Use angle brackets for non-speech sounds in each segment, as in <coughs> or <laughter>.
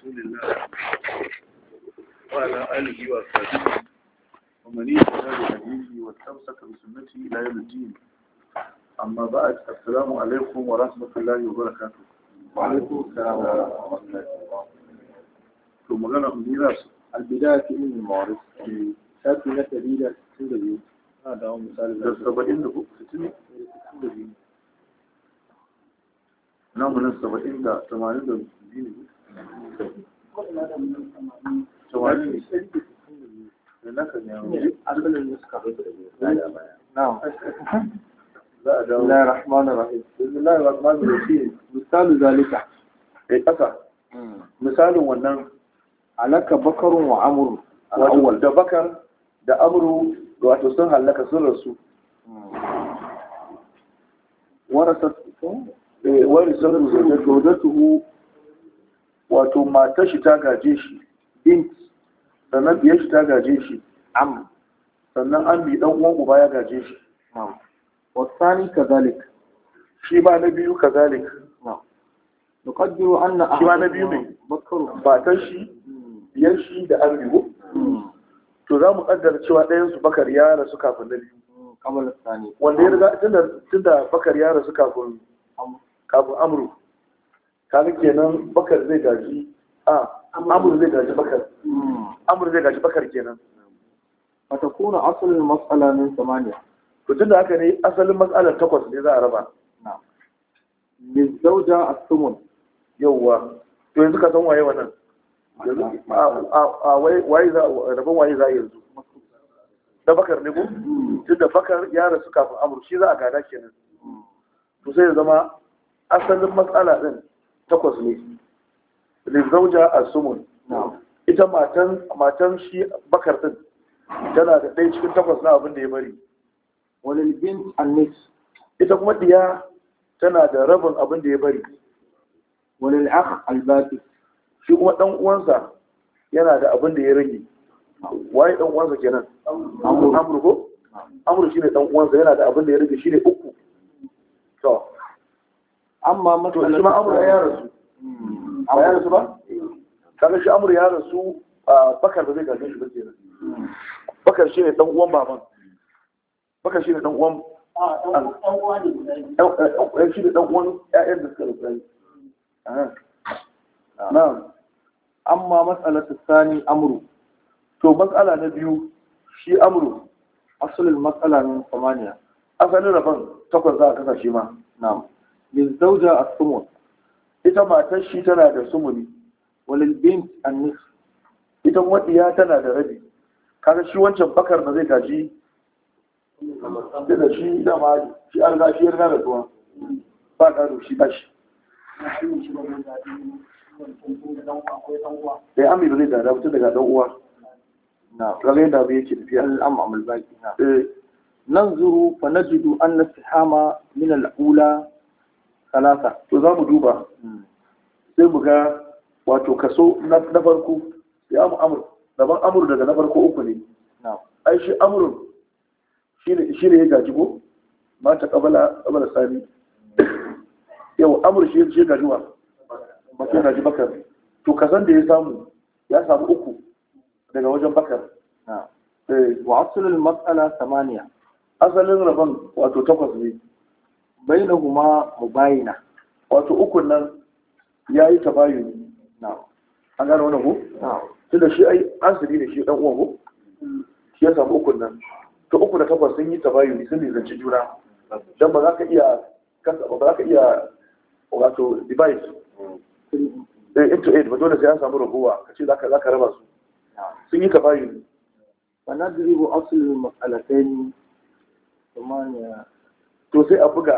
رسول الله وعلى آله وأصحابه ومن يتبع هديه واستمسك بسنته إلى يوم الدين أما بعد السلام عليكم ورحمة الله وبركاته وعليكم السلام ورحمة الله ثم غنى مدينة البداية من المعارف ساتي لك ديلة 62 هذا هو مثال ده 70 62 نعم من 70 ده 80 Misalin الله الرحمن bakarun wa amuru da bakar da amuru ga wato sun halaka sun rasu warasar sun da dodatuhu wato matar shi ta gaje shi bint sannan biyar shi ta gaje shi am sannan an bi dan uwan uba ya gaje shi ka kazalik shi ba na biyu kazalik nuqaddiru anna shi ba na biyu ne matar shi biyar shi da an biyu hmm. to za mu kaddara cewa ɗayan su bakar ya rasu kafin na biyu hmm, wanda ya riga tunda bakar ya rasu kafin kafin amru kaga kenan bakar zai gaji a amur zai gaji bakar amur zai gaji bakar kenan mata kuna asalin matsala min samaniya to da haka ne asalin matsalar takwas ne za a raba min zauja sumun yauwa to yanzu ka san waye wannan a waye za rabon waye za a yanzu da bakar ne ko hmm. tunda bakar ya rasu kafin amur shi za a gada kenan hmm. to sai ya zama asalin matsala din takwas ne lizauja sumun ita matan shi bakar din tana da ɗaya cikin takwas na abin da ya bari walil bint annis ita kuma diya tana da rabin abin da ya bari walil akh albaqi shi kuma ɗan uwansa yana da abin da ya rage waye ɗan uwansa kenan amurko ko shi ne ɗan uwansa yana da abin da ya rage Shi ne uku amma matsalar shi ma amur ya rasu ba ya rasu ba kaga shi amur ya rasu bakar da zai gaje shi ba kenan bakar shi ne dan uwan baban bakar shi ne dan uwan ɗan shi ne dan uwan da suka rasu mm. na'am amma matsalar Sani amru to matsala na biyu shi amru asalin matsala ne samaniya asalin rabon takwas za a kasa shi ma na'am lizauja a sumun ita matar shi tana da sumuni walil bint an ita wadiya tana da rabi kaga shi wancan bakar da zai taji da shi da ma shi an ga shi yarda da tuwa ba ka da shi ba shi sai ami ba zai dada mutu daga dan uwa na kaga yadda bai yake tafiya al'amma amma baki na nan zuru fa najidu anna sihama min al'ula salasa to za mu duba hmm. sai mu ga wato kaso na farko ya mu amur daban amur daga na farko uku ne ai shi amurin shi ne ya gaji ko mata kabala kabala sani yau amur shi ya gaji wa mace ya gaji bakar to kasan da ya samu ya samu uku daga wajen bakar eh. wa asalin matsala samaniya asalin rabon wato takwas ne huma mubayina wato ukun nan yayi tabayuni na'am an gano wannan ko na'am tunda shi ai asiri ne shi dan uwan ko shi ya samu ukun nan to uku da takwas sun yi tabayuni sun lizanci juna dan ba za ka iya kasa ba za ka iya wato device eh, ɗin into aid ba dole sai an samu rubuwa ka ce za ka raba su sun yi tabayuni fa nadribu aslul mas'alatayn ثمانية to sai a buga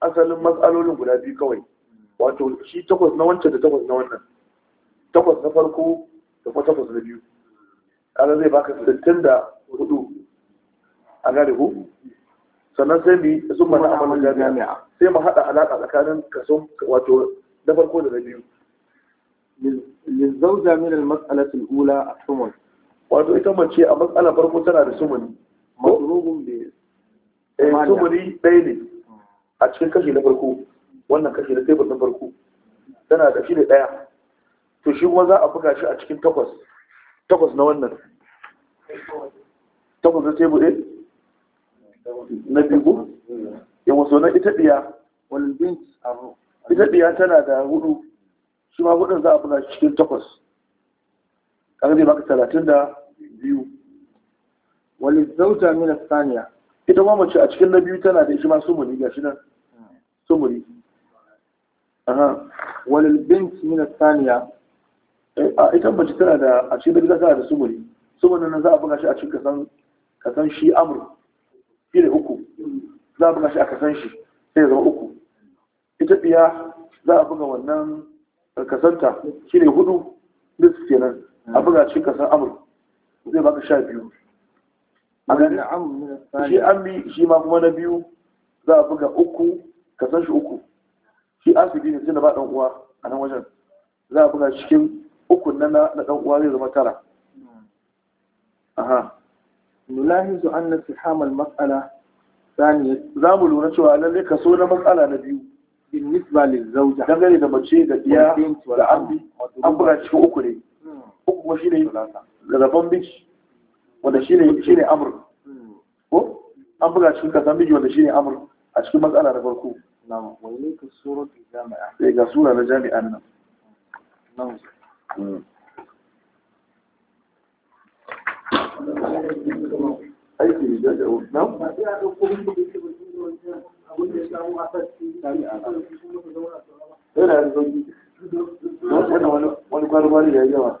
asalin matsalolin guda biyu kawai wato shi takwas na wancan da takwas na wannan takwas na farko da kuma takwas na biyu ana zai baka sittin da hudu a gari hu sannan sai mu sun mana amalin jami'a sai mu haɗa alaƙa tsakanin kaso wato na farko da na biyu lizauja min al-mas'alati al-ula a sumun wato ita mace a matsalar farko tana da masu madrubun bi Eh, sumuni ɗaya ne a cikin kashi na farko wannan kashi na tebur na farko tana da shi ne ɗaya to shi kuma za a buga shi a cikin takwas takwas na wannan takwas na tebur ɗin eh? na biyu ya wasu na ita ɗiya ita ɗiya tana da hudu shi ma hudun za a buga shi cikin takwas kaga zai baka talatin da biyu zauta mina saniya ita ma mace a cikin na biyu tana da shi ma muni gashi nan muni aha walil bint min athaniya eh, a ita mace tana da a cikin biyu tana da muni sumuni muni nan za a buga shi a cikin kasan kasan shi amr shi da uku za a buga shi a kasan shi sai zama uku ita biya za a buga wannan eh, kasanta shi ne hudu duk kenan a buga cikin kasan amur zai baka sha biyu shi an bi shi ma kuma na biyu za a buga uku ka san shi uku shi asibi ne tun da ba ɗan uwa a nan wajen za a buga cikin uku na na dan uwa zai zama tara aha nulahizu anna sihamal mas'ala thaniya za mu lura cewa lalle kaso na matsala na biyu in nisba lil zawja dangane da mace da iya da an bi. an buga cikin uku ne hmm. uku kuma shi ne da rabon biki wanda shine shine ko an buga cikin kasan miji wanda shine Amur? a cikin matsala na farko na'am wa ilayka eh, ga sura na jami'an nan aiki da wani ya yawa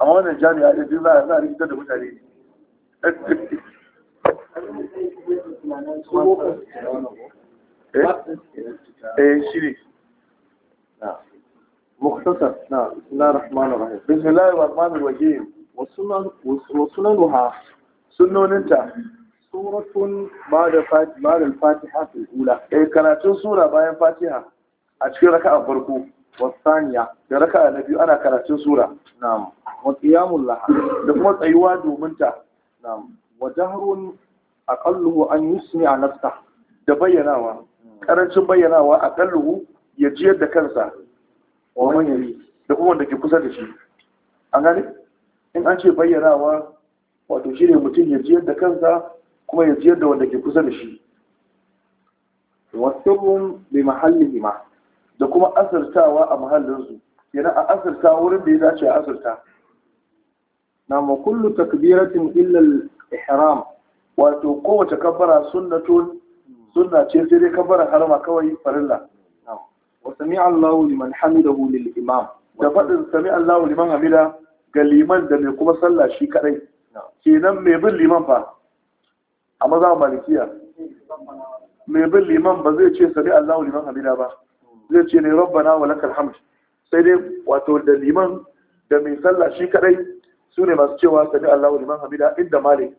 a wannan jami'a da biyu za a rikitar da mutane eh shi ne مختصر نعم بسم الله الرحمن الرحيم بسم الله الرحمن الرحيم وسننها سنننتا سورة بعد بعد الفاتحة الأولى إيه كانت بعد والثانية ركعة النبي أنا na سورة نعم وقيام لها ثم تيوا دومنتا نعم وجهر أقله أن يسمع نفسه دبيناوا قرأت بيناوا أقله يجي يد كنسا ومن يلي da kuma wanda ke kusa da shi an gane in an ce bayyanawa wato shi ne mutum ya jiyar da kansa kuma ya jiyar da wanda ke kusa da shi wasu bi mahallin ma da kuma asirtawa a mahallinsu yana a asirta wurin da ya dace a asirta na ma kullu takbiratin illal ihram wato kowace kabbara sunnatun sunna ce sai dai kabbara harma kawai farilla wa sami Allahu liman hamidahu lil imam da fadin sami Allahu liman hamida ga liman da mai kuma sallah shi kadai kenan mai bin liman fa a maza malikiya mai bin liman ba zai ce sami Allahu liman hamida ba zai ce ne rabbana wa lakal hamd sai dai wato da liman da mai sallah shi kadai su ne masu cewa sami Allahu liman hamida inda malik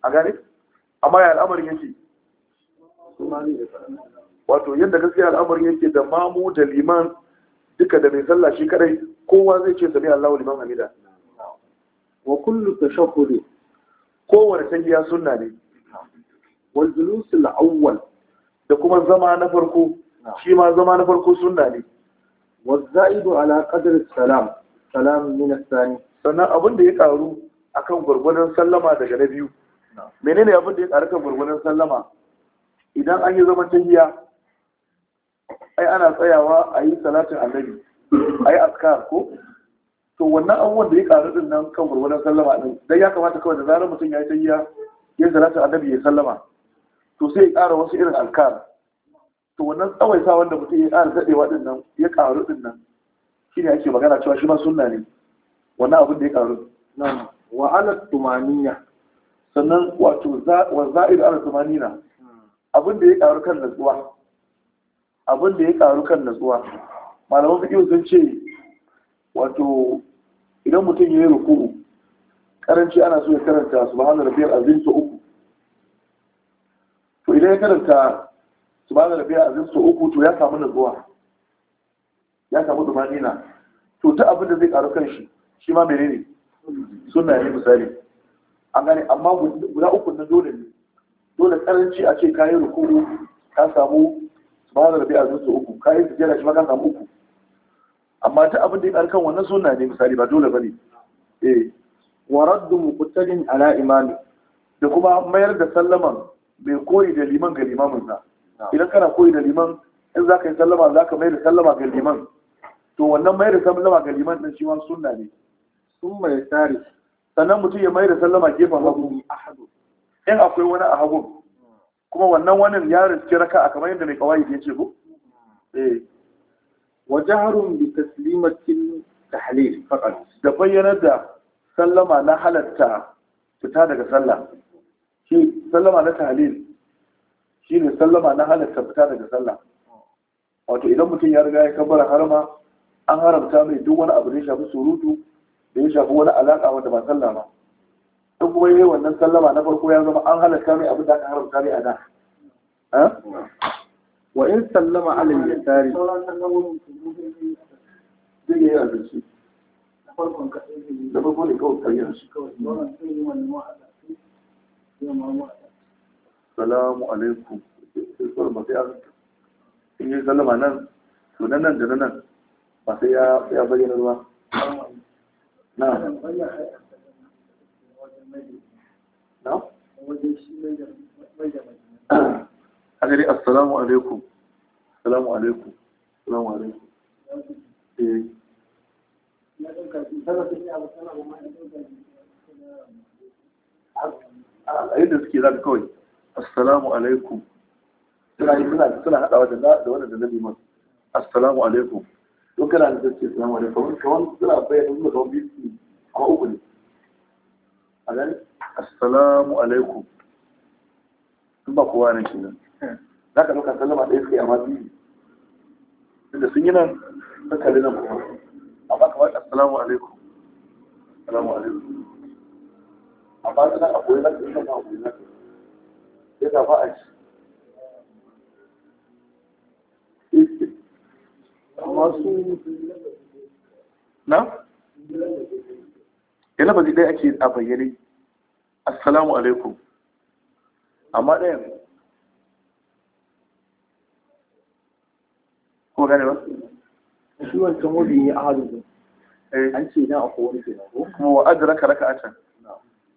a gane amma ya al'amarin yake wato yadda gaskiya al'amarin yake da mamu da liman duka da mai sallah shi kadai kowa zai ce sami Allahu liman hamida wa kullu tashahhud kowace tahiyya sunna ne wal julus al-awwal da kuma zama na farko shi ma zama na farko sunna ne wazzaidu ala qadri salam salam min as-sani sannan abin da ya karu akan gurgurdan sallama daga na biyu menene abin da ya karu kan gurgurdan sallama idan an yi zaman tahiya ai ana tsayawa a yi salatin annabi a yi askar ko to wannan abubuwan da ya karu din nan kan gurgurdan sallama din dan ya kamata kawai da zarar mutum ya yi tahiya ya salatin annabi ya sallama to sai ya kara wasu irin alkar to wannan tsawaita wanda mutum ya ƙara daɗewa ɗin nan ya ƙaru ɗin nan shi ne ake magana cewa shi ma sunna ne wannan abin da ya ƙaru na wa ala tumaniya sannan wato wa za'ir ala tumanina abin da ya ƙaru kan natsuwa abin da ya ƙaru kan natsuwa malaman fiƙi sun ce wato idan mutum ya yi rukuru karanci ana so ya karanta subhanar biyar azim su uku to idan ya karanta su ba da rabi a zinsu uku to ya samu zuwa ya samu dumanina to ta abin da zai karu kan shi shi ma mere ne suna yi misali an gane amma guda uku na dole ne dole karanci a ce kayi rukuru ka samu su ba da rabi a zinsu uku kayi sujjara shi ma ka samu uku amma ta abin da ya karu kan wannan suna ne misali ba dole ba ne eh warar raddu muqtadin ala imami da kuma mayar da sallaman bai koyi da liman ga limaminsa idan kana koyi da liman in za ka yi sallama za ka mai da sallama ga liman to wannan mai da sallama ga liman ɗin shi wani sunna ne sun mai tsari sannan mutum ya mai da sallama gefen hagu in akwai wani a hagu kuma wannan wani ya rinci raka a kamar yadda mai kawai ya ce ko eh. wa jaharun bi taslimatin tahlil fakar da bayyanar da sallama na halatta fita daga sallah shi sallama na tahlil shi ne sallama na halatta fita daga sallah wato idan mutum ya riga ya kabbara harma, an haramta mai duk wani abu da ya shafi surutu da ya shafi wani alaƙa wanda ba sallah ba Duk kuma yi wannan sallama na farko ya zama an halatta mai abin da aka haramta mai a da wa in sallama alal ya zai yi abinci da farko ne kawai kayyar shi kawai salamu alaikum sai ba sai in yi sallama nan to nan nan da nan ba sai ya bayyana ruwa na a gari assalamu alaikum assalamu alaikum assalamu alaikum eh. a yadda suke za kawai assalamu alaikum suna yi suna da wani da na liman assalamu alaikum don kana da ce assalamu alaikum kawai suna bayyana zuwa kawai biyu ko uku ne a assalamu alaikum sun ba kowa nan kenan za ka ɗauka sallama ɗaya suka a ma biyu da sun yi nan sun kalli nan kuma A ba kamar assalamu alaikum assalamu alaikum amma suna a koyi za ka yi sallama a koyi za ka yi ya tafi a shi masu na? ya ake a bayyane assalamu alaikum amma ne. ko gane ba? shi wancan wuri ya halu an ce na akwai wani kenan kuma wa raka a can.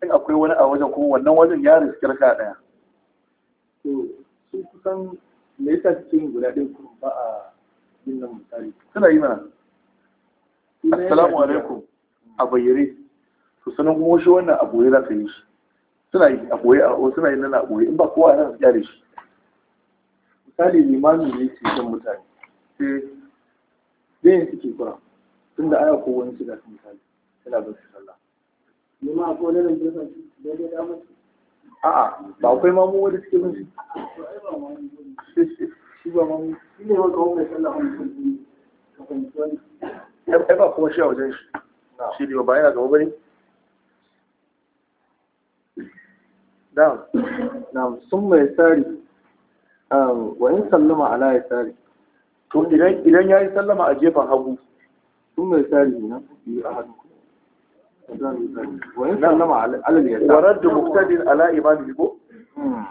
in akwai wani a wajen kuma wannan wajen ya riski raka ɗaya to sun kusan me yasa cikin guda ɗin kuma ba a yin nan misali suna yi mana assalamu alaikum a bayyare to sanin kuma shi wannan a boye za ka yi shi suna yi a boye a suna yi nan a boye in ba kowa nan su kyale shi misali limamin ne ke son mutane sai zai suke kura tunda ana ko wani shiga misali yana bin su sallah. Nima ko ne da ke son daidai damar a'a ba kai mamu wanda suke bin shi shi ba mamu shi ne wanda wanda sallah wani ai ba kuma shi a wajen shi shi ne ba yana gaba bane Da. Na sun mai tsari wa in sallama ala ya tsari to idan ya yi sallama a gefen hagu sun mai tsari na biyu a hannu wa sallama alal yasa wa raddu muqtadin ala imamihi ko hmm.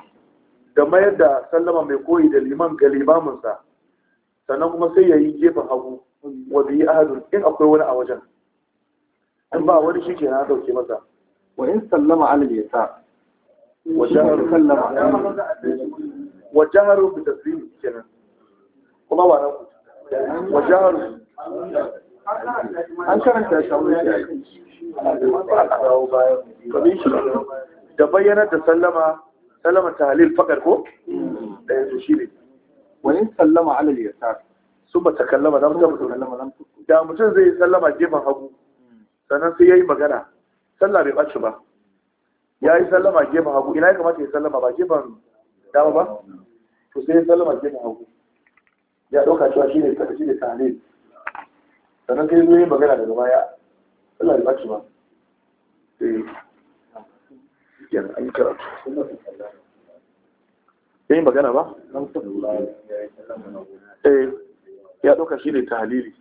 da mayar da sallama mai koyi da liman ga limamin sannan kuma sai yayi gefen hagu wa bi ahadun in akwai wani a wajen in ba wani shi ke na dauke masa wa in sallama alal yasa wa jaharu sallama wa jaharu bi taslim kenan kuma ba nan wa jaharu an karanta shawarar shi a da bayyanar da sallama sallama ta halil fakar ko da yanzu shi ne wani sallama alal yasar sun ba ta kallama za mu ta da mutum zai sallama gefen hagu sannan sai ya yi magana sallah bai ɓaci ba ya yi sallama gefen hagu ina ya kamata ya sallama ba gefen dama ba to sai ya sallama gefen hagu ya ɗauka cewa shi ne ta halil sannan kai zo yi magana daga baya Allah ya ba yana eh. magana ba eh ya ɗauka shi ne ta halili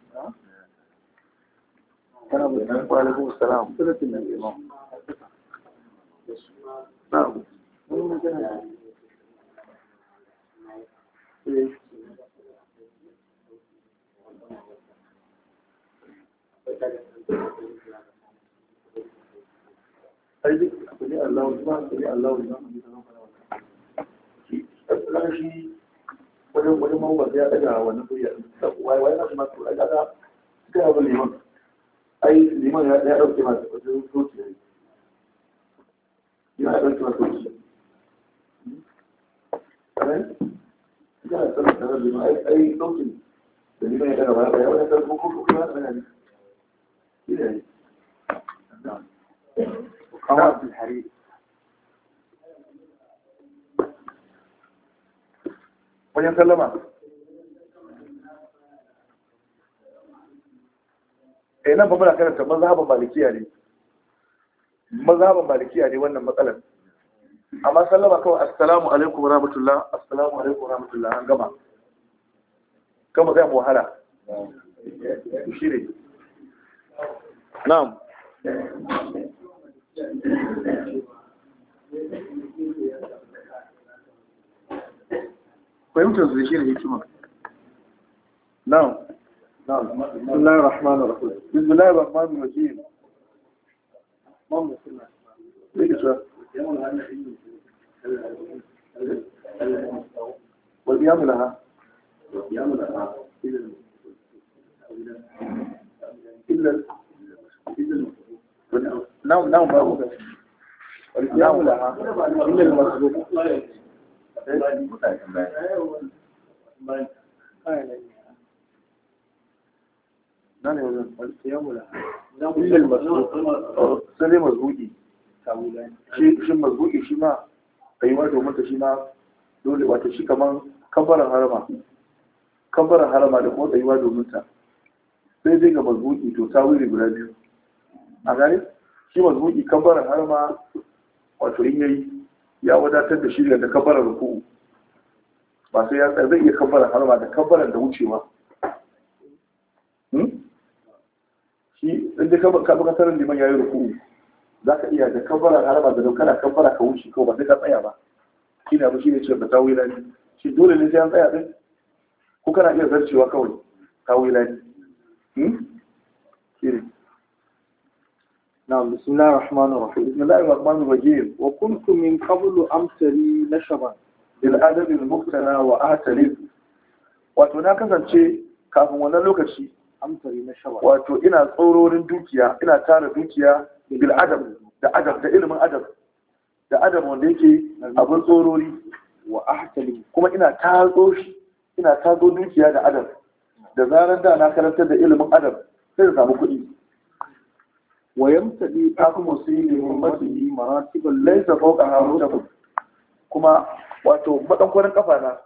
Walaikun salam. ai abu Allah ba abu Allah ba wani wani mawuwa ya daga wannan buya wai wai na kuma ai daga ga abu liman ai liman ya ya dauke masa wajen soci ya da liman ai ai da liman ya ya wani sarkon kuma kuma ya daga قواعد الحرير wajen sallama eh nan ba muna karanta mazhaban malikiya ne ne wannan matsalar amma sallama kawai assalamu alaikum rahmatullah assalamu alaikum rahmatullah an gama kama zai mu wahala shi ne نعم كيف تزيشين هيكما نعم, نعم. بسم الله الرحمن الرحيم بسم الله الرحمن الرحيم والقيام لها والقيام لها illa nan nan ba ku da illa mazbuki shi ma kaiwa domin ta shi ma dole wata shi kamar kabarin harama da kuma tsayuwa domin ta sai dai ga mazbuki to wuri guda biyu a gane shi mazbuki kabbaran har ma wato in yayi ya wadatar da shi daga kabbaran ruku. ba sai ya tsaya zai iya kabbaran har ma da kabbaran da wucewa hmm? shi in dai kabbakatar liman yayi ruku, za ka iya da kabbaran har ma da dokar kabbara ka wuce ko ba sai ka tsaya ba shi ne abu shi ne ce ba tawila shi dole ne sai an tsaya din ko kana iya zarcewa kawai tawilani? نعم بسم الله الرحمن الرحيم بسم الله الرحمن الرحيم وكنت من قبل أمتري نشبا بالأدب المبتلى وأعترف wato na kasance kafin wannan lokaci wato ina tsororin dukiya ina tara dukiya bil adab da adab da ilimin adab da adab wanda yake abin tsorori wa ahtali kuma ina tazo shi ina dukiya da adab. da zarar da na karanta da ilimin adab sai da samu kuɗi wa yamtadi akmu sayyidi ummati maratibal laysa fawqaha mutabun kuma wato madankwarin kafa na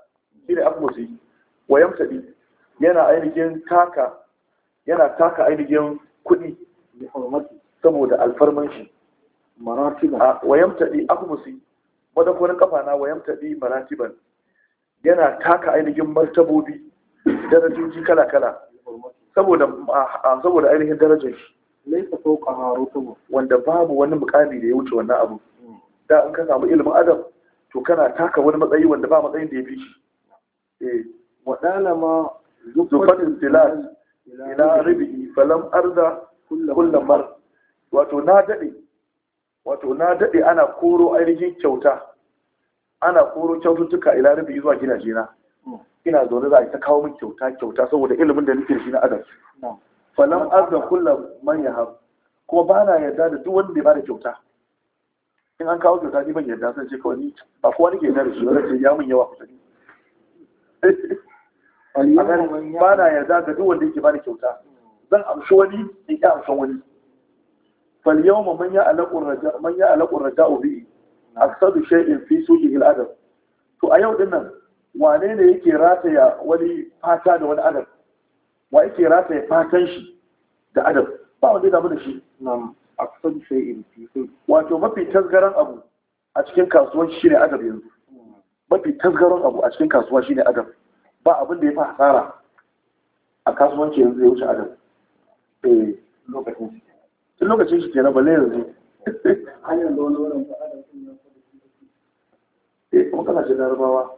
shine akmu sai wa yamtadi yana ainihin taka yana taka ainihin kuɗi saboda alfarman shi maratiban wa yamtadi akmu sayyidi madankwarin kafa na wa yamtadi maratiban yana taka ainihin martabobi darajoji kala-kala saboda saboda ainihin darajar shi laisa fawqa rutubu wanda babu wani mukami da ya wuce wannan abu da in ka samu ilimin adam to kana taka wani matsayi wanda ba matsayin da ya fi shi eh wadala ma zufatin silas ila ribi falam arda kullum mar wato na dade wato na dade ana koro ainihin kyauta ana koro kyaututtuka ila ribi zuwa gidajena ina zaune za a ta kawo min kyauta kyauta saboda ilimin da nake shi na adam falan azza kullu man yahab kuma ba na yarda da duk wanda ya bada kyauta in an kawo kyauta ni ban yarda sai ce kawai ni ba kowa nake yarda da shi wanda ya mun yawa kuɗi <laughs> ba na yarda da duk wanda yake bada kyauta zan amshi wani in ƙi amshi wani fal yawma man ya alaqur raja man ya alaqur raja'u bi aksadu shay'in fi al-adab to a yau din nan wane ne yake rataya wani fata da wani adam wa yake rataya fatan shi da adam ba wanda damu da shi nam aksan sai in fi wato mafi tasgaran abu a cikin kasuwan shi ne adam yanzu mafi tasgaran abu a cikin kasuwa shi ne adam ba abin da ya fi hasara a kasuwanci yanzu ya wuce adam lokacin shi tun lokacin shi kenan balle yanzu hanyar da wani wurin ba adam sun yi kuma kana ce larabawa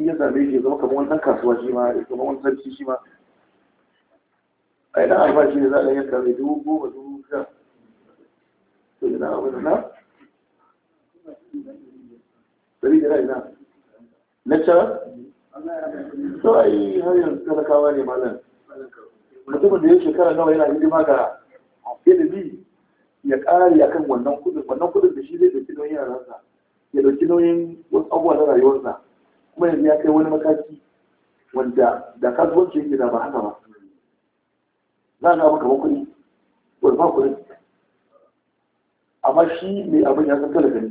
in ya zabe shi zama kamar wani ɗan kasuwa shi ma zama wani sarki shi ma A ai dan albashi ne za a yanka mai dubu goma dubu sha to ina wani na dari da ina can? to ai har yanzu talakawa ne malam mutumin da ya shekara nawa yana hidima ga ilimi ya ƙare a kan wannan kuɗin wannan kuɗin da shi zai ɗauki nauyin yaransa ya ɗauki nauyin wasu abubuwa na rayuwarsa kuma yanzu ya kai wani mataki wanda da kasuwanci yake da ba haka ba za a ga maka kuɗi wani ba amma shi mai abin ya san talaka ne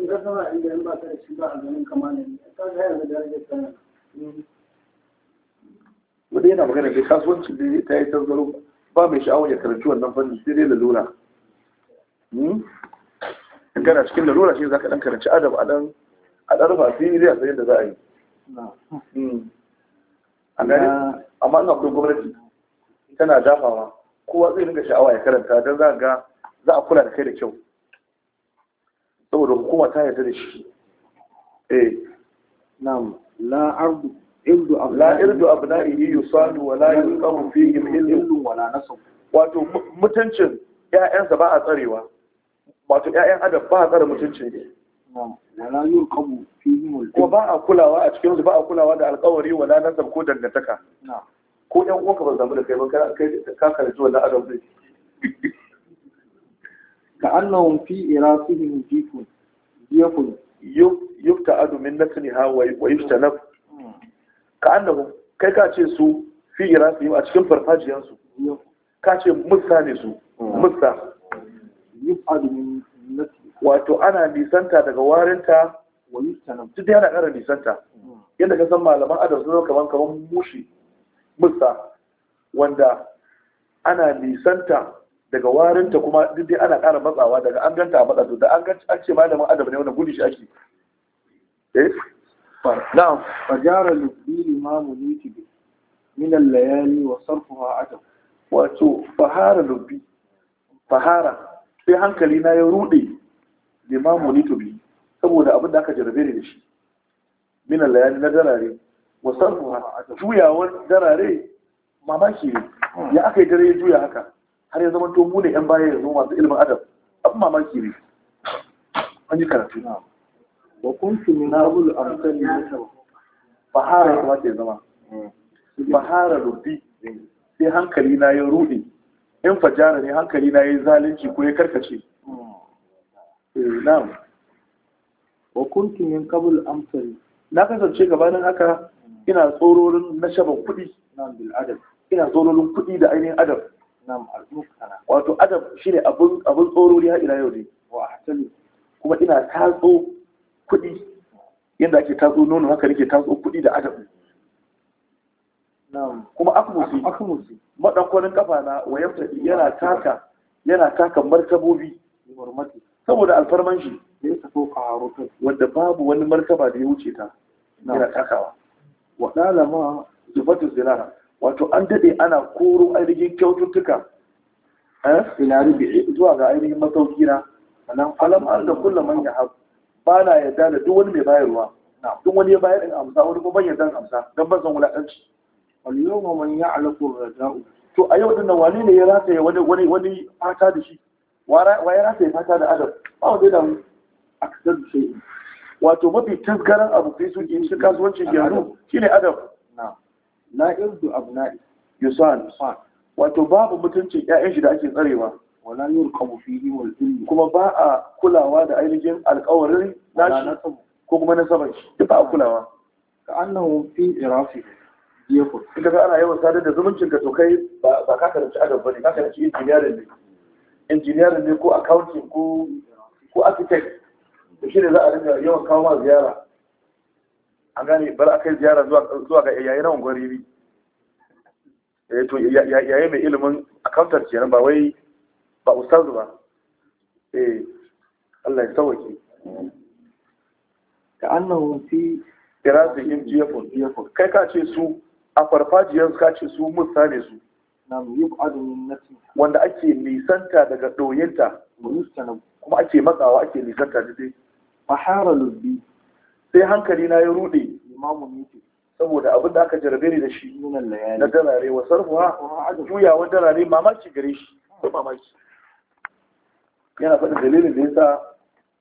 inda da shi ba a wanda yana magana da kasuwanci da ta yi tanzaro ba mai sha'awar ya karanci wannan fannin sai dai lalura hmm? in kana cikin lalura shi za ka ɗan karanci adam a ɗan a ɗan rufa yi dai a tsayin da za a yi a gani amma ina kuma gwamnati tana dafawa kowa zai ringa sha'awa ya karanta don za ga za a kula da kai da kyau saboda hukuma ta yarda da shi eh na'am la ardu irdu la irdu abna'ihi yusadu wa la yuqamu fihi illu wa la nasab wato mutuncin ƴaƴansa ba a tsarewa wato ƴaƴan adam ba a tsare mutuncin ne wala yurqabu fihim ba a kulawa a cikin ba a kulawa da alƙawari wala nazar ko dangantaka ko 'yan uwanka ba zamu da kai ba kai ka karanci wannan adam zai ka annahum fi irasihim jifun jifun yufta'adu min nasliha wa yuftanaf hmm. ka annahum kai ka ce su fi irasihim a cikin su, ka ce musa ne su hmm. musa yuf'adu min nasliha wato ana nisanta daga warinta duk da yana ƙara nisanta yadda ka san malaman adab suna kaman kamar mushi musa wanda ana nisanta daga warinta kuma duk da ana ƙara matsawa daga an ganta a matsatu da an ganta ce malaman adab ne wanda gudu shi ake eh na'am fajara lubiri ma muniti bi min al-layali wa sarfuha adab wato fahara Lubbi. fahara sai hankali na ya rude lima mulitu bi saboda abin da aka jarabe ne da shi min al-layali na darare wa Juya juyawar darare mamaki ne ya aka yi dare ya juya haka har ya zama to mu ne yan baya yanzu masu ilimin adam abin mamaki ne an yi karatu na wa kuntu min abul amsali bahara kuma ke zama bahara rubi sai hankali na ya rudi in fajara ne hankali na ya zalunci ko ya karkace na'am wa kuntu min qabl amsari na kasance gabanin haka ina tsororin na shaban kuɗi na'am bil adab ina tsororin kuɗi da ainihin adab na'am al wato adab shine abun abun tsorori har ila yau dai wa ahtali kuma ina tatso kuɗi yadda ake tatso nono haka nake tatso kuɗi da adab kuma akumusi akumusi madakwarin kafa na wayar yana taka yana taka martabobi saboda alfarman shi ya a qaharutun Wadda babu wani markaba da ya wuce ta yana takawa wa da zubatu zinara wato an dade ana koro ainihin kyaututtuka eh? ila rubi'i zuwa ga ainihin masauki na nan alam an da kullum manya haku ba na yadda da duk wani mai bayarwa duk wani ya bayar in amsa wani kuma yarda in amsa dan ban san wani wal yawma man ya'laku za'u to a yau dinnan wani ne ya rataye wani wani wani fata da shi wa ya rataye fata da adam ba wa zai damu a kasar da shi wato mafi tasgaran abu fi su cikin kasuwancin gyaru ne adam na irdu na yusuf wato babu mutuncin ƴaƴan shi da ake tsarewa wala yurqabu fihi wal ilm kuma ba a kulawa da ainihin alƙawarin nashi ko kuma na saban shi duk ba a kulawa ka annahu fi irafi yako kaga ana yawan sadar da zumuncin ka to kai ba ka karanci adam bane ka karanci injiniyarin ne engineering ne ko accounting ko ko architect da shi ne za a rinka yawan kawo ma ziyara an gane bar a kai ziyara zuwa ga yayi na eh to yayi mai ilimin accountant kenan ba wai ba ustaz ba eh Allah ya sauke ka annahu fi dirasihim jiyafun kai ka ce su a farfajiyar ka ce su musa ne su wanda ake nisanta daga ɗoyinta kuma ake matsawa ake nisanta da dai fahara lulbi sai hankali na ya rude saboda abin da aka jarabe da shi na darare wa sarfuwa juyawan darare mamaki gare shi ko mamaki yana faɗin dalilin da ya sa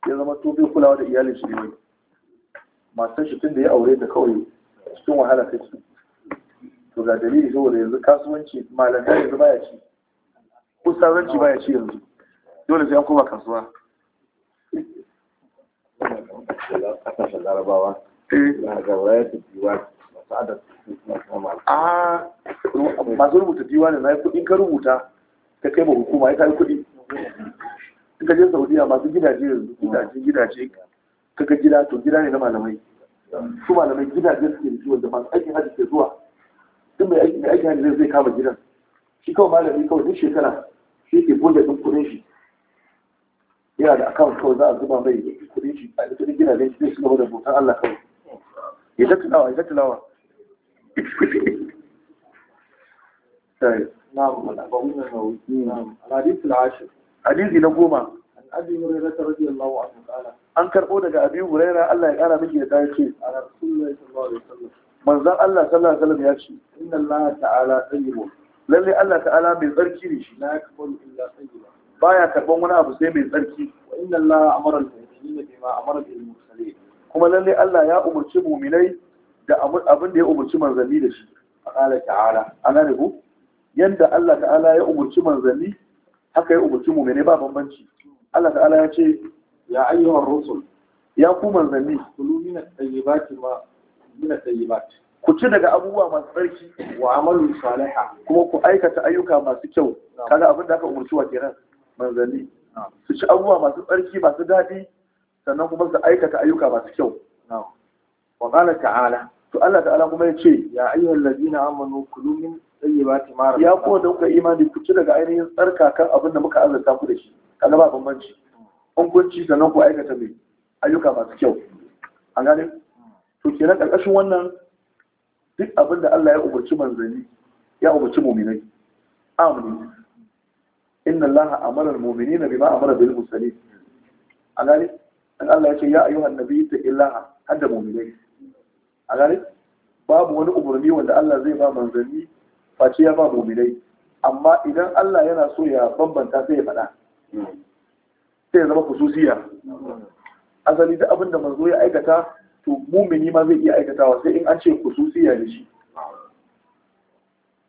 ya zama tobe kulawa da iyalin shi ne masu shi tun da ya aure da kawai cikin wahala sai su to ga dalili saboda yanzu kasuwanci malamai yanzu baya ci kusuranci baya ci yanzu dole sai an koma kasuwa a eh. ah, masu rubuta diwa ne na kudin ka rubuta ka kai ma hukuma ya kai kudi in ka je saudiya masu gidaje yanzu gidaje gidaje ka ga gida to gida ne na malamai su malamai gidaje suke da ciwon da masu aikin hajji ke zuwa duk mai aiki mai aiki hajji zai kama gidan shi kawai malami kawai duk shekara shi ke bude ɗin kuɗin shi yana da akawun kawai za a zuba mai kuɗin shi a cikin gidajen shi zai shiga da bautar Allah kawai ya ta tunawa ya ta tunawa hadisi na goma an karbo daga abin huraira Allah ya ƙara miki da ta ce a rasulullahi sallallahu alaihi wasallam manzan Allah sallallahu alaihi wasallam ya ce inna Allah ta'ala tayyibun lalle Allah ta'ala mai tsarki ne shi Na ya yaqbalu illa Ba baya karban wani abu sai mai tsarki wa inna Allah amara al-mu'minina bima amara bil mursalin kuma lalle Allah ya umurci mu'minai da abin da ya umurci manzanni da shi qala ta'ala ana ne ku yanda Allah ta'ala ya umurci manzanni haka ya umurci mu'minai ba bambanci Allah ta'ala ya ce ya ayyuhar rusul ya ku manzanni kulu min at-tayyibati ma min at ba ku ci daga abubuwa masu tsarki wa amalu salihah kuma ku aikata ayyuka masu kyau kaga abin da aka umarci wa kenan manzanni su ci abubuwa masu tsarki masu daɗi sannan kuma su aikata ayyuka masu kyau wa qala ta'ala to Allah ta'ala kuma ya ce ya ayyuhal ladina amanu kulu min tayyibati ma ya ko da kuka imani ku ci daga ainihin tsarka kan abin da muka azurta ku da shi kaga ba bambanci kun sannan ku aikata mai ayyuka masu kyau an gane to kenan karkashin wannan duk abin da Allah ya umarci manzanni ya umarci mu'minai amin inna Allah amara al-mu'minina bima amara bil mursalin a gani an Allah ya ce ya ayyuhan nabiyyu taqillaha hadda mu'minai a gani babu wani umarni wanda Allah zai ba manzanni face ya ba mu'minai amma idan Allah yana so ya bambanta sai ya faɗa hmm. sai ya zama khususiya asali duk abin da manzo ya aikata to mumini ma zai iya aikatawa sai in an ce khususiya ne shi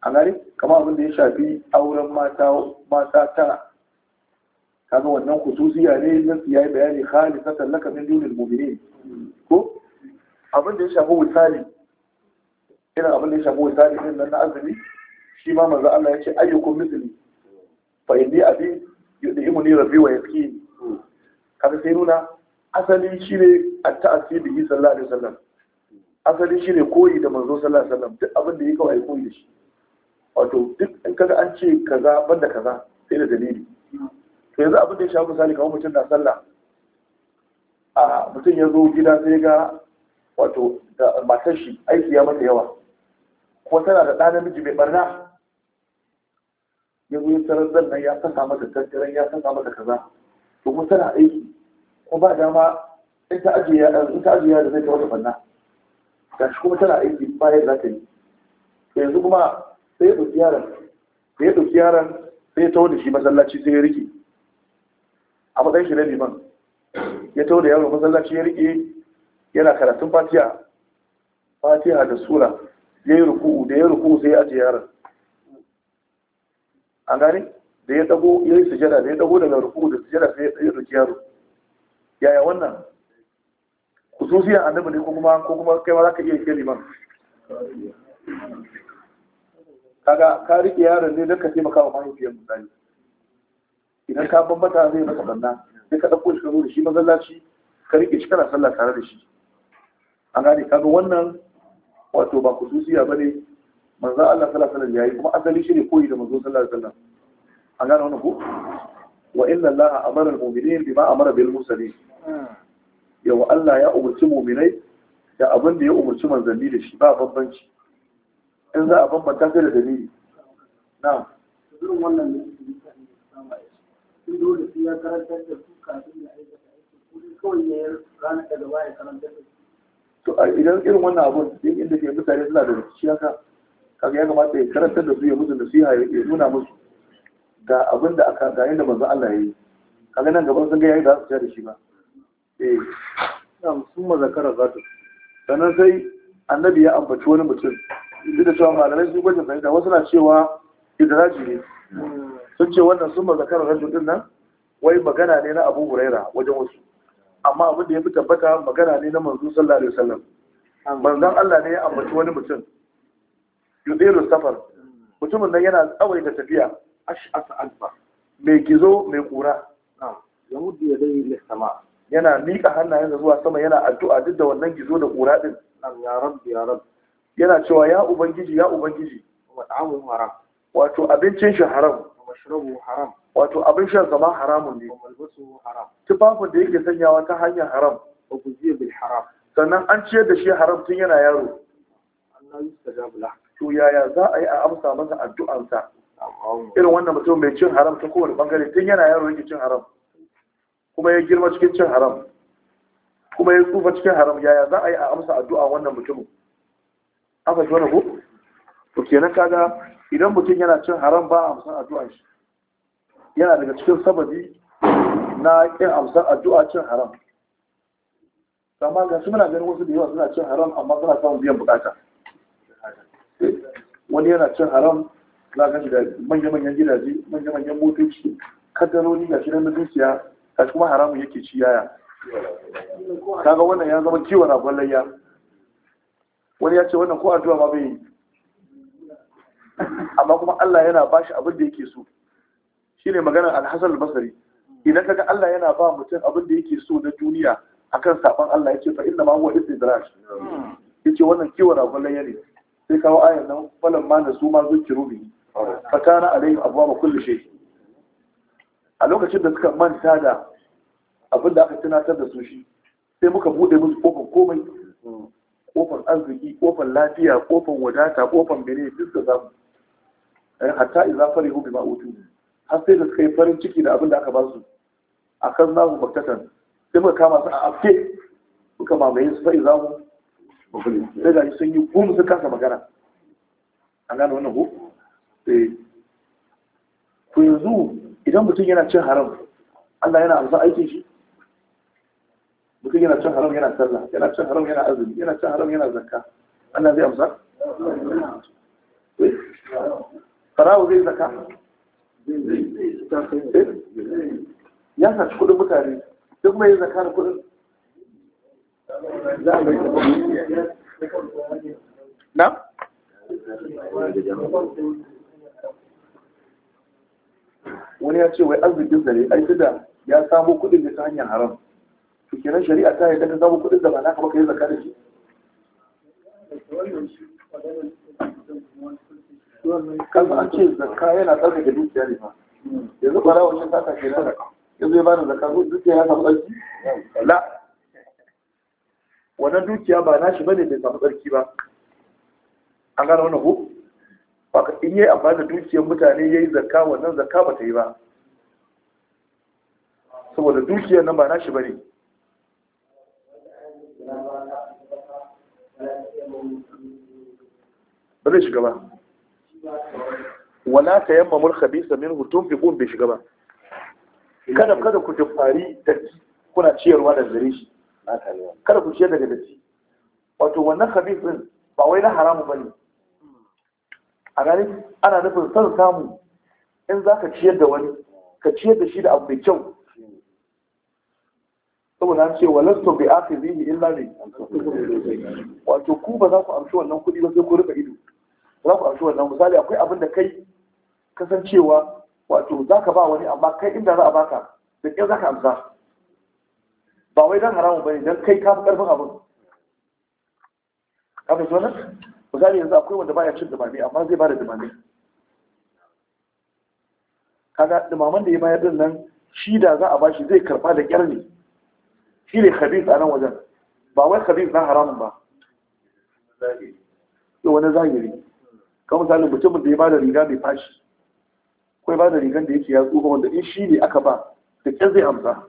a gari kama abin da ya shafi auren mata mata Ta kaga wannan khususiya ne nan ya yi bayani khalisatan laka min dunil mu'minin ko abin da ya shafi misali irin abin da ya shafi misali din nan na azumi shi ma manzo Allah ya ce ayyukum misli fa inni abi yudhimuni rabbi wa yaskini Kada sai nuna asali shi ne a ta'asi yi sallah da sallam asali shi ne koyi da manzo sallah da sallam duk abin da ya kawai koyi da shi wato duk in kaga an ce kaza banda kaza sai da dalili to yanzu abin da ya shafi misali kamar mutum na sallah a mutum ya zo gida sai ga wato da matar shi aiki ya mata yawa ko tana da ɗan namiji mai barna ya zo ya tarar nan ya saka mata tattaran ya saka mata kaza to kuma tana aiki ko ba dama in ta ajiye da zai ta wata banna ga shi kuma tana aiki bayan za ta yi yanzu kuma sai ya ɗauki yaron sai ya ɗauki yaron sai ya tawo da shi masallaci sai ya rike a matsayin shi na liman ya tawo da yaron masallaci ya rike yana karatun Fatiya. fatiha da sura ya yi ruku'u da ya ruku'u sai ya ajiye yaron an gani da ya dago ya yi sujada da ya dago daga ruku'u da sujada sai ya ɗauki yaro yaya wannan khususiyar annabi ne ko kuma ko kuma kai ma za ka iya ke liman kaga ka riƙe yaron ne don ka taimaka wa mahaifiyar misali idan ka bambata zai maka banna sai ka ɗauko shi ka zo da shi mazallaci ka riƙe shi kana sallah tare da shi an gane kaga wannan wato ba ba ne manzan Allah sallallahu alaihi ya yayi kuma asali shi ne koyi da manzon sallallahu alaihi wasallam an gane wannan ko wa inna allaha amara al-mu'minin bima amara bil mursalin yawa Allah ya umarci mu'minai da abin da ya umarci manzanni da shi ba bambanci in za a bambanta da dalili na irin wannan ya karanta su kafin ya aikata aiki kawai ya ranar da karanta su to a idan irin wannan abun din inda ke mutane suna da rikici haka kaga ya kamata ya karanta da su ya nasiha ya nuna musu ga abin da aka ga da manzo Allah yayi kaga nan gaban sun ga yayi da su da shi ba eh nan sun ma zakara zatu sanan sai annabi ya ambaci wani mutum duk da cewa malamai sun gwajin da wasu na cewa idraji ne sun ce wannan sun ma zakara zatu din nan wai magana ne na Abu Huraira wajen wasu amma abin da ya fi tabbata magana ne na manzo sallallahu alaihi wasallam manzon Allah ne ya ambaci wani mutum yudiru safar mutumin nan yana tsawaita tafiya ash'atu akbar mai gizo mai kura ya ya dai ila sama yana mika hannayensa zuwa sama yana addu'a duk da wannan gizo da kura din ya rabbi ya rabbi yana cewa ya ubangiji ya ubangiji wa ta'amu haram wato abincin shi haram wa mashrabu haram wato abin shan zama haramun ne haram. tufafin da yake sanyawa ta hanyar haram wa guziya bil haram sannan an ciyar da shi haram tun yana yaro Allah to yaya za a yi a amsa masa addu'ansa irin wannan mutum mai cin haram ta kowane bangare tun yana yaro yake cin haram kuma ya girma cikin cin haram kuma ya tsufa cikin haram yaya za a yi a amsa addu'a wannan mutumin an fahimci wani ko to kenan kaga idan mutum yana cin haram ba a amsa addu'a shi yana daga cikin sababi na ƙin amsa addu'a cin haram amma ga su muna ganin wasu da yawa suna cin haram amma suna samun biyan bukata wani yana cin haram za ka shiga manya-manyan gidaje manya-manyan motoci kaddaroni ga shi na dukiya ga kuma haramun yake ci yaya kaga wannan ya zama kiwon abin layya wani ya ce wannan ko addu'a ma bai yi amma kuma Allah yana ba shi abin da yake so ne maganar alhassan basari idan kaga Allah yana ba mutum abin da yake so na duniya akan saban Allah yace fa inna ma huwa istidraj yace wannan kiwon abin layya ne sai kawo ayar nan falan ma da su ma zukiru bihi fakana alayhim ba kulli shay a lokacin da suka manta da abin da aka tunatar da su shi sai muka bude musu kofar komai kofar arziki kofar lafiya kofar wadata kofar bene, duk da zamu eh, hatta idza farihu bima utu har sai da suka yi farin ciki da abin da aka ba su kan nahu baktatan sai muka kama su a afke muka mamaye su fa idza mu sai ga sun yi gum su kasa magana an gano wannan ko ku eh. yanzu idan mutum yana cin haram Allah yana amsa aikin shi mutum yana cin haram yana sallah yana cin haram yana azumi yana cin haram yana zakka Allah zai amsa eh. farawo zai zakka eh. ya saci kudin mutane duk mai zakka da kudin za a mai na? wani ya ce wai arzikin zare ai da ya samo kuɗin da ta hanyar haram to kenan shari'a ta yarda ta samo kuɗin da ba naka ba ka yi zakka da shi kalma an ce zakka yana tsarka da dukiya ne ba yanzu ba rawar shi sata ke nan yanzu ya bani zakka ko dukiya ya samu tsarki la wannan dukiya ba nashi bane bai samu tsarki ba an gane wannan ko baka in yi amfani da dukiyar mutane yi zarka wannan zarka ba ta yi ba saboda dukiyar nan ba na shi ba zai shiga ba wala tayammamul khabisa hutun tunfiqun bai shiga ba kada kada ku tafari datti kuna ciyarwa da zare shi kada ku ciyar daga datti wato wannan khabisin ba wai na haramu ne? a gane ana nufin son samu in za ka ciyar da wani ka ciyar da shi da abu mai kyau sau na ce walasto bai aka yi illa ne wato ku ba za ku amshi wannan kuɗi ba sai ku rufe ido za ku amshi wannan misali akwai abin da kai kasancewa wato za ka ba wani amma kai inda za a baka da ƙyar za ka amsa ba wai don haramun ba ne don kai ka fi ƙarfin abin ka fahimci wannan misali yanzu akwai wanda baya cin dumame amma zai bada dumame kaga dumaman da ya bayar din nan shi da za a bashi zai karba da kyar ne shi ne khabith a nan wajen ba wai khabith na haramun ba yau wani zahiri kamar misali mutumin da ya bada riga mai fashi kai bada rigan da yake ya tsufa wanda in shi ne aka ba da kyar zai amsa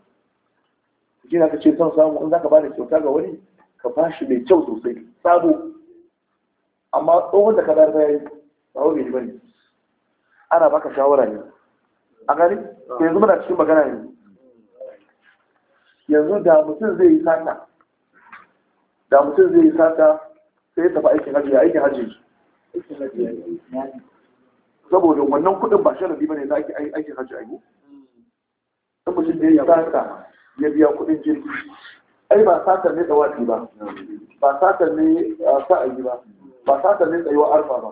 shi na ka ce son samu in za ka bada kyauta ga wani ka bashi mai kyau sosai sabo amma tsohon da kadar ta yi ba wani ne bane ana baka shawara ne a gani yanzu muna cikin magana ne yanzu da mutum zai yi sata da mutum zai yi sata sai ya tafi aikin hajji aikin hajji saboda wannan kudin ba sharadi bane na aikin hajji a yi in mutum da ya sata ya biya kudin jirgi ai ba satar ne da wati ba ba satar ne sa a yi ba ba sa ta min yiwa arfa ba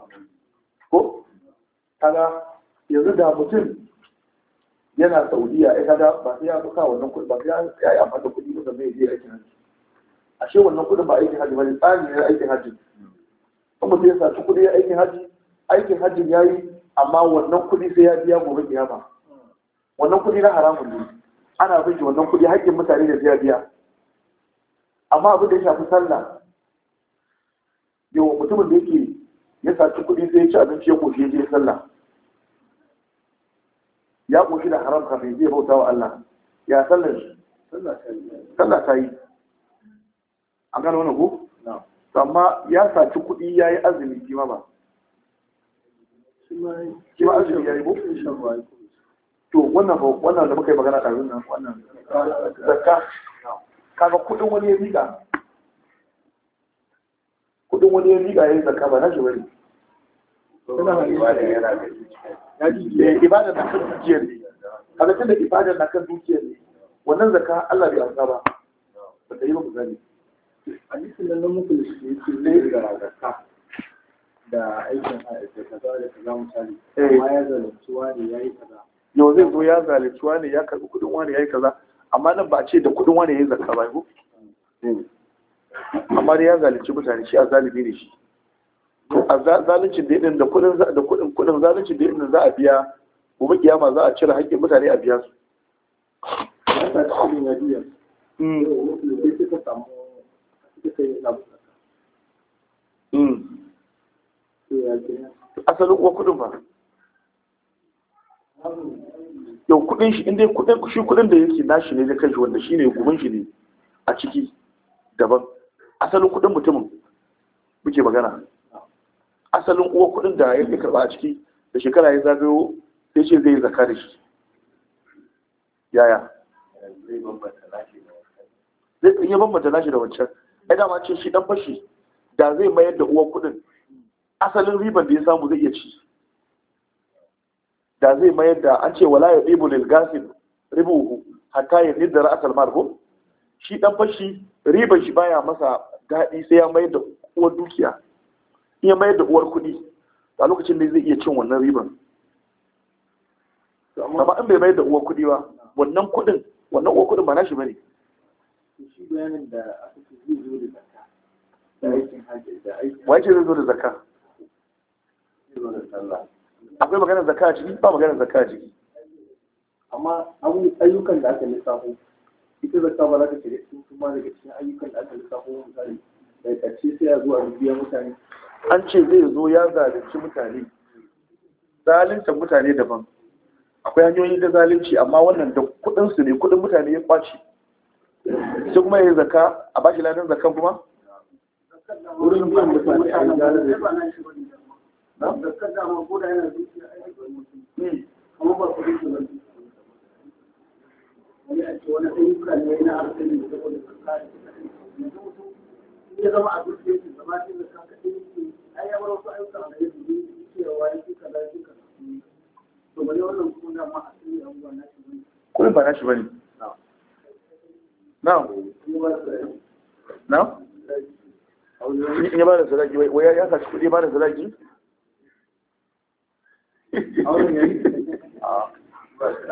ko kaga yanzu da mutum yana saudiya ya kaga ba sai ya kawo wannan kudi ba ya yi amfani da kuɗi ba zai je aikin hajji ashe wannan kuɗin ba aikin hajji ba ne tsari ne aikin hajji in mutum ya saci kudi ya aikin hajji aikin hajji ya yi amma wannan kudi ya biya gobe wannan na haramun ne ana bin shi wannan haƙƙin mutane da biya biya amma abin yau mutumin da yake ya saci kuɗi sai ya ci abinci ya koshi ya je sallah ya koshi da haram kafin zai bauta wa Allah ya sallar shi sallah ta yi an gano wani ko amma ya saci kuɗi ya yi azumi kima ba kima azumi ya yi ko to wannan wannan da muka yi magana ɗarin nan wannan zakka kaga kuɗin wani ya miƙa kudin wani ya miƙa ya yi zaka ba na shi bane eh, ibada na kan dukiyar ne a kaga tunda ibada na kan dukiyar ne wannan zaka Allah bai amsa ba ba ta yi ba misali hadisin nan nan muku shi yake ne eh. da zakka da aikin da kaza da kaza misali eh. amma ya zalunci wani yi kaza yau zai zo ya zalunci wani ya karɓi kudin wani ya yi kaza amma nan ba ce da kudin wani ya yayi zaka ba ko amma ya zalunci mutane shi a zalibi ne shi to a zaluncin da yadda da kudin da kudin kudin da yadda za a biya gobe kiyama za a cire haƙƙin mutane a biya su hmm. Hmm. asalin kuwa kudin ba yau kudin shi inda kudin shi kudin da yake nashi ne da kanshi wanda shi ne gumin shi ne a ciki daban asalin kuɗin mutumin muke magana asalin uwa kuɗin da ya fi karɓa a ciki da shekara ya zagayo sai ce zai zaka da shi yaya zai iya bambanta nashi da wancan ai dama ce shi dan fashi da zai mayar da uwa kuɗin asalin riban da ya samu zai iya ci da zai mayar da an ce wala ya ɗibu lil gasin ribuhu hatta ya nidda ra'asar marhum shi dan fashi riban shi baya masa daɗi sai ya mayar da uwar dukiya ya mayar da uwar kuɗi a lokacin da zai iya cin wannan riban amma in bai mayar da uwar kuɗi ba wannan kuɗin wannan uwar kuɗin ba nashi bane wai ce zai zo da zakka akwai maganar zakka a ciki ba maganar zakka a ciki amma ayyukan da aka lissafo ita zakka ba za ta shiga cikin kuma daga cikin ayyukan da aka lissafo misali daga ƙarshe sai ya zo a bibiya mutane an ce zai zo ya zalunci mutane zalunta mutane daban akwai hanyoyi da zalunci amma wannan da kudin su ne kuɗin mutane ya kwace sai kuma yayin zakka a bashi ladan zakkan kuma wurin biyan mutane a yi wani ne na harshen da ya yi shi kuma ba na shi bane na'am na'am in ya ba da wai ya kuɗi <laughs> ah, ba da sadaki a a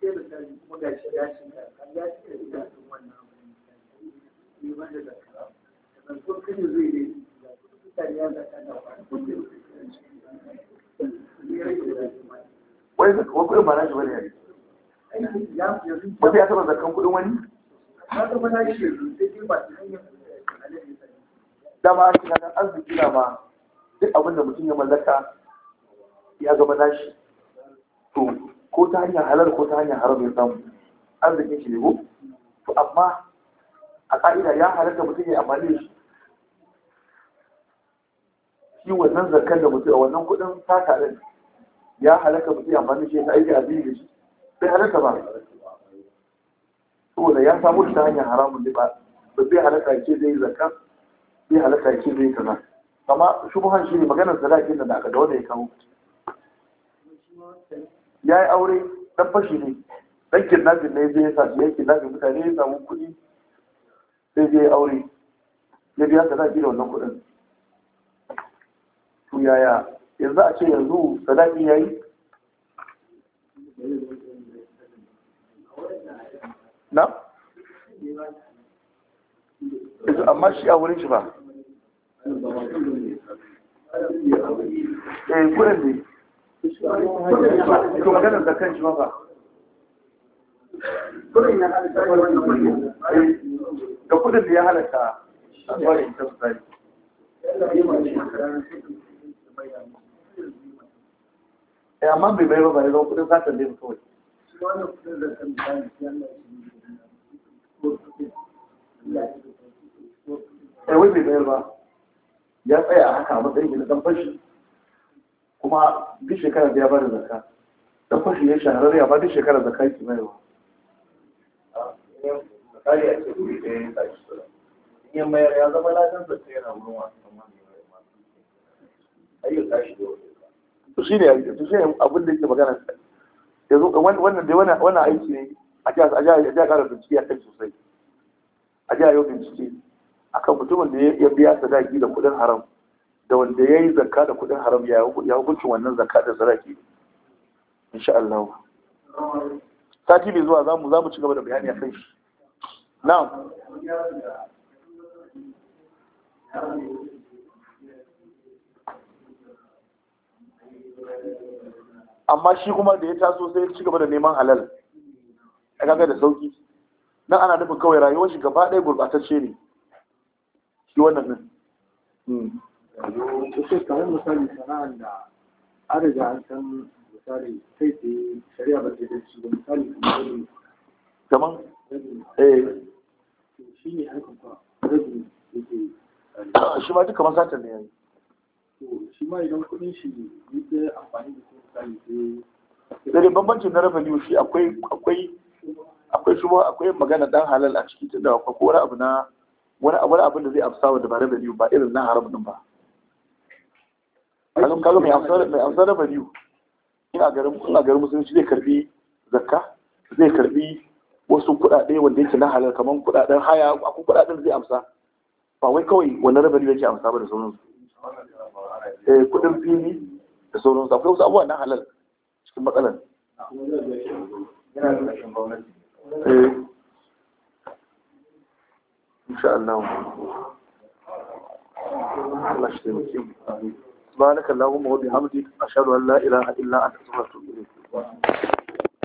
sai misali kuma ga shi gashin karka ya cika idanun wannan abin ne ba da zakara da zanto kan zai ne mutane ya zaka da wani zaka wani kudin ba na shi bane yare wata ya taba zakan kudin wani dama shi na kan arziki na ma duk abin da mutum ya mallaka ya zama nashi to ko ta hanyar halal ko ta hanyar haram ya samu arzikin shi ne ko to amma a ƙa'ida ya halatta mutum ya amfani da shi shi wannan zakar da mutum a wannan kuɗin sata ɗin ya halatta mutum ya amfani da shi ya aiki a da shi sai halatta ba saboda ya samu ta hanyar haramun ne ba ba zai halatta ce zai zakka zai halatta ce zai kaza amma shubuhan shi ne maganar sadakin da aka da wanda ya kawo ya yi aure dan fashi ne dan kidnapping ne zai sa ya kidnapping mutane ya samu kuɗi sai zai yi aure ya biya sadaki da wannan kuɗin to yaya yanzu a ce yanzu sadaki ya yi na? yanzu amma shi a wurin shi ba eh kudin ne da kan shi ma ba da kudin da ya halatta a tsarin ya eh, amma bai bai ba ba ne za kudin satan da kawai ya eh, wai bai bai ba ya tsaya a haka a matsayin da dan fashi kuma duk shekarar da ya bada zaka dan fashi ya shahararra ba duk shekarar a ce kuri ɗaya ya tashi sura in mayar ya zama yana abin da yake magana yanzu wannan dai wannan aiki ne a ji a ƙara bincike a kan sosai a yi a yau bincike akan mutumin da ya biya sadaki da kuɗin haram da wanda ya yi zakka da kuɗin haram ya hukunci wannan zakka da zaraki insha Allah sati mai zuwa za mu ci gaba da bayani a kai shi na'am amma shi kuma da ya taso sai ci gaba da neman halal a kaga da sauki nan ana nufin kawai rayuwar shi gaba ɗaya gurɓatacce ne shi wannan nan Kusur kamar misali sana'ar da an riga an san misali kai tsaye shari'a ba ta da ba misali kamar eh shi ne hakan fa rabi yake <coughs> shi ma duk kamar satar ne yayi shi ma idan kuɗin shi ne, yake amfani da su misali sai dai bambancin na revenue shi akwai akwai akwai shi akwai magana dan halal a ciki tunda akwai wani abu na wani abu da zai amsa wa da ba ba irin na haram din ba kaga kaga mai amsa mai amsar da biyu ina garin ina garin musulunci zai karbi zakka zai karbi wasu kuɗaɗe wanda yake na halal kamar kuɗaɗen haya akwai kuɗaɗen zai amsa ba wai kawai wani rabari yake amsa ba da sauransu eh kuɗin fili da sauransu akwai wasu abubuwa na halal cikin matsalar eh. insha Allah Allah shi ne mutum subhanakallahumma wa bihamdik ashhadu a la ilaha illa anta astaghfiruka wa atubu ilayk